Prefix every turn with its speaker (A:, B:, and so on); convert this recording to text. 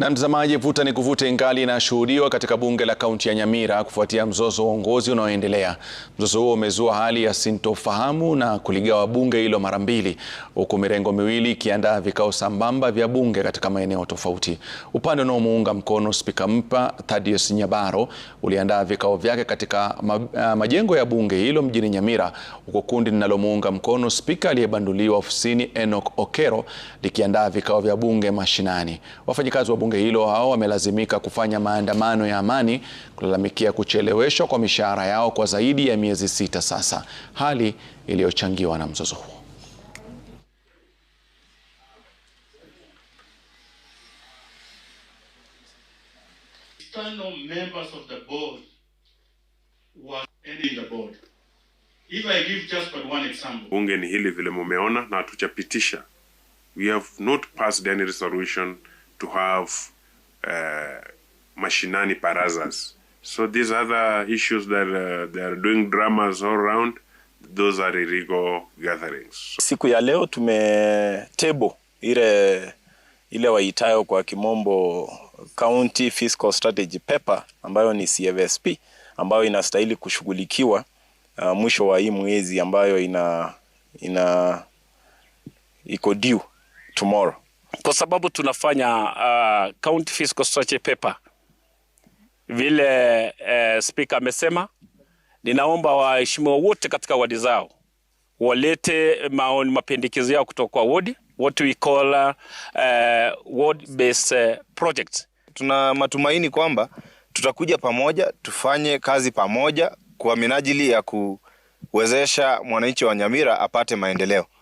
A: Na mtazamaji, vuta ni kuvute ingali inashuhudiwa katika bunge la kaunti ya Nyamira kufuatia mzozo wa uongozi unaoendelea. Mzozo huo umezua hali ya sintofahamu na kuligawa bunge hilo mara mbili, huku mirengo miwili ikiandaa vikao sambamba vya bunge katika maeneo tofauti. Upande unaomuunga mkono spika mpya Thaddeus Nyabaro uliandaa vikao vyake katika eh, majengo ya bunge hilo mjini Nyamira, huku kundi linalomuunga mkono spika aliyebanduliwa ofisini Enoch Okero likiandaa vikao vya bunge mashinani. Wafanyikazi wa bunge bunge hilo hao wamelazimika kufanya maandamano ya amani kulalamikia kucheleweshwa kwa mishahara yao kwa zaidi ya miezi sita sasa, hali iliyochangiwa na mzozo huo.
B: Bunge ni hili vile mumeona, na hatujapitisha. We have not passed any resolution to have uh, mashinani parazas. So these other issues that uh, they are doing dramas all around, those are illegal gatherings.
C: So, siku ya leo tume table ile ile waitayo kwa kimombo County Fiscal Strategy Paper ambayo ni CFSP ambayo inastahili kushughulikiwa uh, mwisho wa hii mwezi ambayo ina ina iko due tomorrow
D: kwa sababu tunafanya uh, county fiscal structure paper vile uh, speaker amesema, ninaomba waheshimiwa wote katika wadi zao walete maoni, mapendekezo yao kutoka kwa wodi, what we call uh, ward based uh, project.
E: Tuna matumaini kwamba tutakuja pamoja tufanye kazi pamoja kwa minajili ya kuwezesha mwananchi wa Nyamira apate maendeleo.